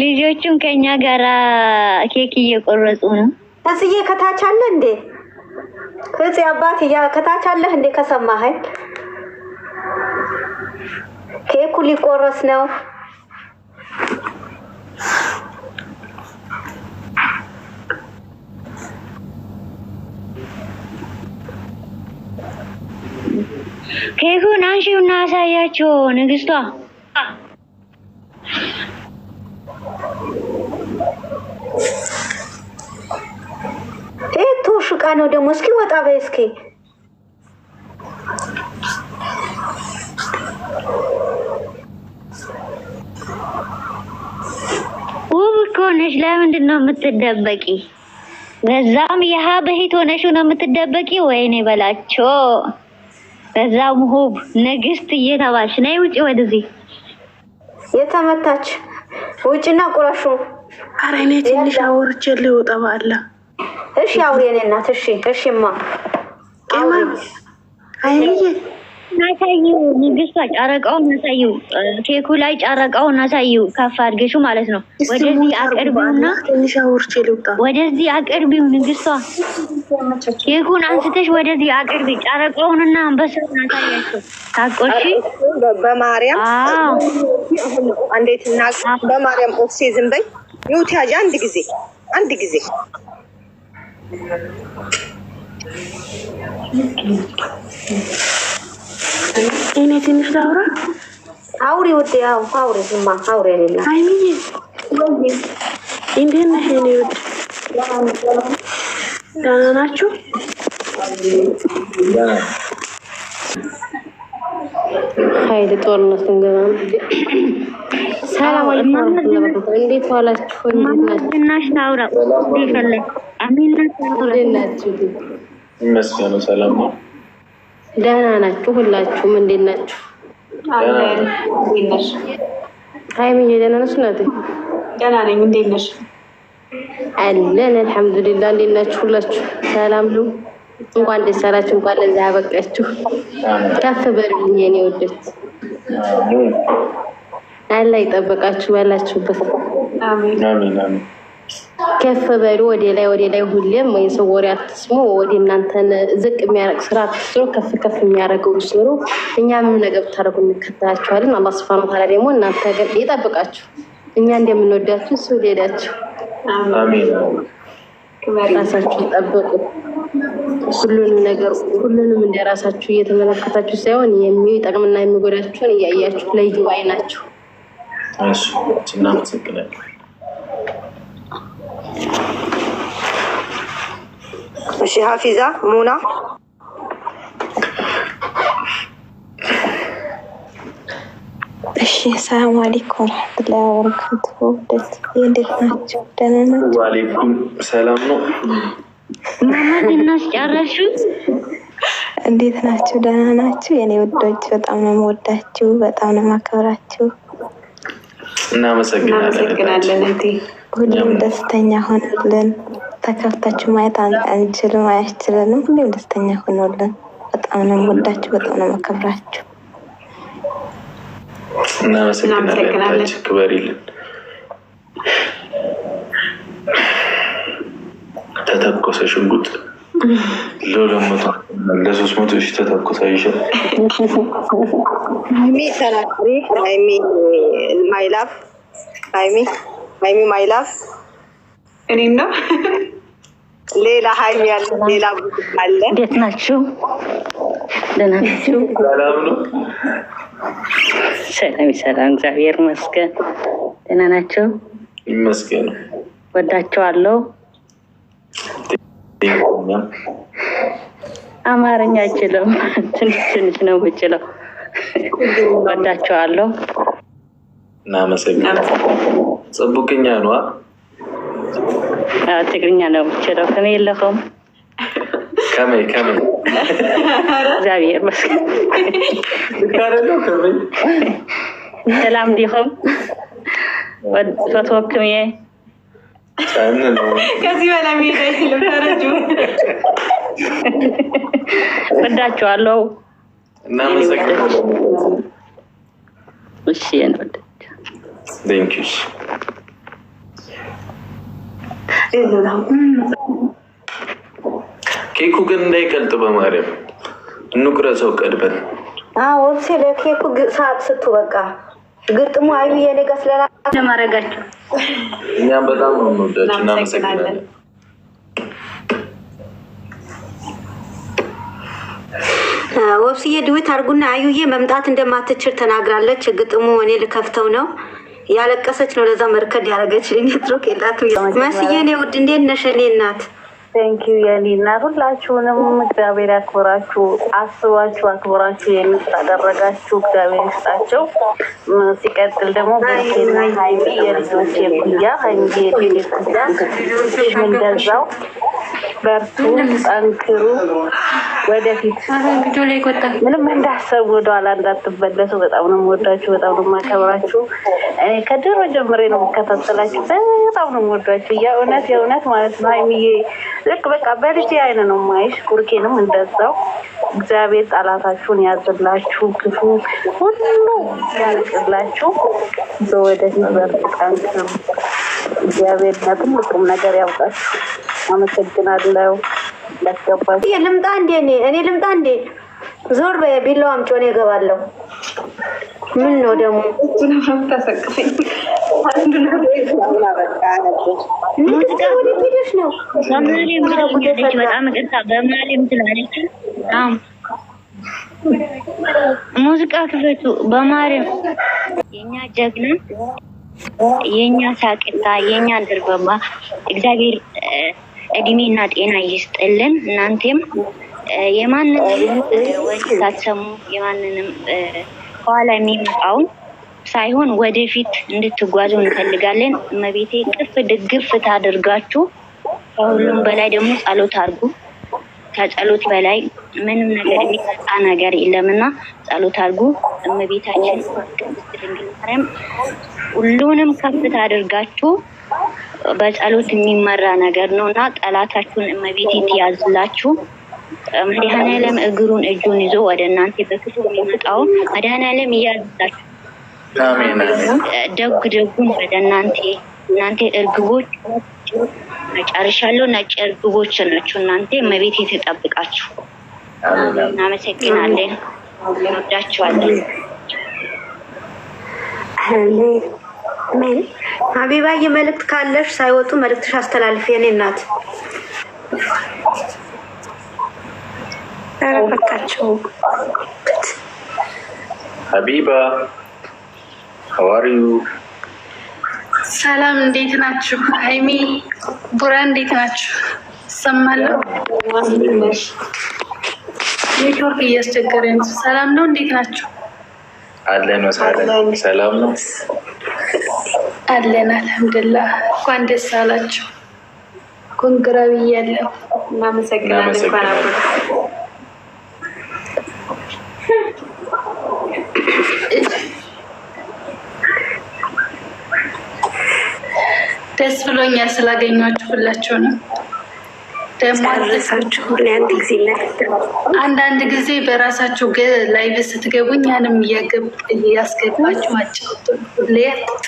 ልጆቹን ከኛ ጋራ ኬክ እየቆረጹ ነው። እዝዬ ከታች አለ እንዴ? ፍጽ አባት ከታች አለህ እንዴ? ከሰማኸኝ ኬኩ ሊቆረስ ነው። ኬኩን አንሺውና አሳያቸው ንግስቷ ነው ደግሞ። እስኪ ወጣ በይ እስኪ ውብ እኮ ነሽ። ለምንድን ነው የምትደበቂ? በዛም የሀ በሂት ሆነሽ ነው የምትደበቂ? ወይኔ በላቸው። በዛም ውብ ንግስት እየተባልሽ ነይ ውጭ፣ ወደዚህ የተመታች ውጭና ቁረሹ። ኧረ እኔ ትንሽ አውርቼ ልውጣ ባለ እሺ አውሪ አውሬኔ እናት እሺ፣ እሺ ማ ናሳዩ ንግስቷ፣ ጨረቃውን ናሳዩ፣ ኬኩ ላይ ጨረቃውን ናሳዩ። ከፍ አድርገሹ ማለት ነው። ወደዚህ አቅርቢውና ወደዚህ አቅርቢው ንግስቷ። ኬኩን አንስተሽ ወደዚህ አቅርቢ። ጨረቃውንና አንበሳውን ናሳያቸው። ታቆሺ በማርያም እንዴት እና በማርያም ኦክሲዝም በይ ኒውቲያጅ አንድ ጊዜ አንድ ጊዜ እኔ ትንሽ ላውራ። አውሪ ውዴ፣ ያው አውሪ፣ ዝማ አውሪ። አይደለም አይሚዬ፣ እንዴት ነሽ? እኔ ውድ ደህና ናችሁ? ሀይል ጦርነት እንገባ ነው። ሰላም አለይኩም። እንዴት ዋላችሁ? እንዴት ናችሁ? ይመስገኑ። ሰላም ነው። ደህና ናችሁ? ሁላችሁም እንዴት ናችሁ? ሀይሚዬ ደህና ነሽ? እናቴ ደህና ነኝ። እንዴት ነሽ? አለን አልሐምዱሊላ። እንዴት ናችሁ? ሁላችሁ ሰላም ነው። እንኳን ደስ አላችሁ፣ እንኳን ለዚህ አበቃችሁ። ከፍ በልኝ የኔ ወደት አላ ይጠበቃችሁ ባላችሁበት። አሜን አሜን። ከፍ በሉ ወደ ላይ ወደ ላይ። ሁሌም ወይ ሰው ወሬ አትስሙ። ወደ እናንተን ዝቅ የሚያደርግ ስራ አትስሩ። ከፍ ከፍ የሚያደርገው ስሩ። እኛ ምንም ነገር ብታደርጉ እንከተላችኋለን። አላህ ስብሐነ ወተዓላ ደግሞ እናንተ ገር ይጠብቃችሁ። እኛ እንደምንወዳችሁ እሱ ሌዳችሁ። ራሳችሁ ጠብቁ። ሁሉንም ነገር ሁሉንም እንደ ራሳችሁ እየተመለከታችሁ ሳይሆን የሚጠቅምና የሚጎዳችሁን እያያችሁ ለዩ አይናችሁ። እናመሰግናለን። እሺ ሀፊዛ ሙና እሺ ሰላም አለይኩም ወራህመቱላሂ ወበረካቱ። እንዴት ናቸው? ደህና ናቸው? ወአለይኩም ሰላም ነው። እንዴት ናችሁ? ደህና ናችሁ? የኔ ውዶች በጣም ነው የምወዳችሁ፣ በጣም ነው የማከብራችሁ። እናመሰግናለን። ሁሉም ደስተኛ ሆኖልን ተከፍታችሁ ማየት አንችልም አያችለንም። ሁሉም ደስተኛ ሆኖልን በጣም ነው የምወዳችሁ፣ በጣም ነው የማከብራችሁ። እናመሰግናለን። ክበሪልን ተተኮሰ ሽጉጥ ለሁለት መቶ ለሶስት መቶ ሺህ ተተኮሰ ይሻል ሚ ተናሪ ሚ ማይላፍ ሚ ሀይሚ ማይላፍ እኔም ነው። ሌላ ሀይሚ ያለ ሌላ አለ። እንዴት ናችሁ? ደህና ናችሁ? ሰላም ሰላም፣ እግዚአብሔር ይመስገን። ደህና ናችሁ? ይመስገን። ወዳችኋለሁ። አማርኛ አይችልም፣ ትንሽ ትንሽ ነው የምችለው። ወዳችኋለሁ። እናመሰግናለን። ጽቡቅኛ ነዋ። ትግርኛ ነው ችለው ከመይ የለኸም ከመይ ከመይ እግዚአብሔር ይመስገን። ሰላም ዲኹም ፈትወክም እየ ከዚህ በላይ ሄደ ልፈረጁ ወዳችኋለሁ። እናመሰግናለን። እሺ እንወዳችሁ። ኬኩ ግን እንዳይቀልጥ በማርያም እንቁረሰው ቀድበን ወብሴ ለኬኩ ሰዓት ስቱ በቃ ግጥሙ አይ የኔ ጋ ስለላ ማረጋቸው እኛም በጣም ነው እንወዳችሁ፣ እናመሰግናለን። ወብስዬ ድዊት አርጉና አዩዬ መምጣት እንደማትችል ተናግራለች። ግጥሙ እኔ ልከፍተው ነው። ያለቀሰች ነው። ለዛ መርከድ ያደረገች ኔትሮክ የላትም። መስዬ እኔ ውድ እንዴት ነሽ? እኔ እናት ቴንኪዩ የኔ እናት። ሁላችሁንም እግዚአብሔር ያክብራችሁ፣ አስባችሁ አክብራችሁ የሚስጥ አደረጋችሁ። እግዚአብሔር ይስጣቸው። ሲቀጥል ደግሞ በርኬና ሀይሚ የልጆች የኩያ ሀይሚ ኩያ እንደዛው በርቱ፣ ጠንክሩ ወደፊት ላይ ቆጣ ምንም እንዳሰብ ወደኋላ እንዳትበለሱ። በጣም ነው የምወዷችሁ፣ በጣም ነው የማከብራችሁ። ከድሮ ጀምሬ ነው የምከታተላችሁ። በጣም ነው የምወዷችሁ። የእውነት የእውነት ማለት ነው ሀይሚዬ፣ ልክ በቃ በልጅ አይነ ነው ማይሽ። ቁርኬንም እንደዛው እግዚአብሔር ጠላታችሁን ያዝላችሁ፣ ክፉ ሁሉ ያልቅላችሁ። በወደፊት በርቃን እግዚአብሔር ነትም ቁም ነገር ያውቃችሁ። አመሰግናለሁ። ልምጣ እንዴ? እኔ ልምጣ እንዴ? ዞር በቢላዋ አምጪ፣ እኔ እገባለሁ። ምን ነው ደግሞ ሙዚቃ ክፈቱ። በማርያም የኛ ጀግና የኛ ሳቅታ የኛ ድርበማ እግዚአብሔር እድሜና ጤና ይስጥልን። እናንተም የማንንም ወጪ ሳትሰሙ የማንንም ከኋላ የሚመጣውን ሳይሆን ወደፊት እንድትጓዙ እንፈልጋለን። እመቤቴ ቅፍ ድግፍ ታደርጋችሁ። ከሁሉም በላይ ደግሞ ጸሎት አድርጉ። ከጸሎት በላይ ምንም ነገር የሚመጣ ነገር የለምና ጸሎት አድርጉ። እመቤታችን ድንግል ማርያም ሁሉንም ከፍ ታደርጋችሁ። በጸሎት የሚመራ ነገር ነው እና ጠላታችሁን እመቤቴ ትያዝላችሁ። መድኃኔዓለም እግሩን እጁን ይዞ ወደ እናንተ በክፉ የሚመጣው መድኃኔዓለም እያዝላችሁ፣ ደጉ ደጉን ወደ እናንተ እናንተ እርግቦች መጨረሻለሁ ነጭ እርግቦች ናችሁ። እናንተ እመቤት ትጠብቃችሁ። እናመሰግናለን፣ እንወዳችኋለን። ሀቢባዬ መልእክት ካለሽ ሳይወጡ መልእክትሽ አስተላልፍ። የኔ እናት ረበቃቸው ሀቢባ ሀዋሪዩ ሰላም፣ እንዴት ናችሁ? ሀይሚ ቡራ፣ እንዴት ናችሁ? ሰማለሁ ኔትወርክ እያስቸገረ ሰላም ነው። እንዴት ናችሁ? አለን። ሰላም ነው። አለን አልሐምዱላ እንኳን ደስ አላችሁ። ኮንግራዊ ያለው እናመሰግናለን። እንኳን ደስ ብሎኛል ስላገኟችሁ ሁላችሁ ነው። አንዳንድ ጊዜ በራሳችሁ ላይቭ ስትገቡኝ ያንም እያስገባችሁ አጫውቱ ለየት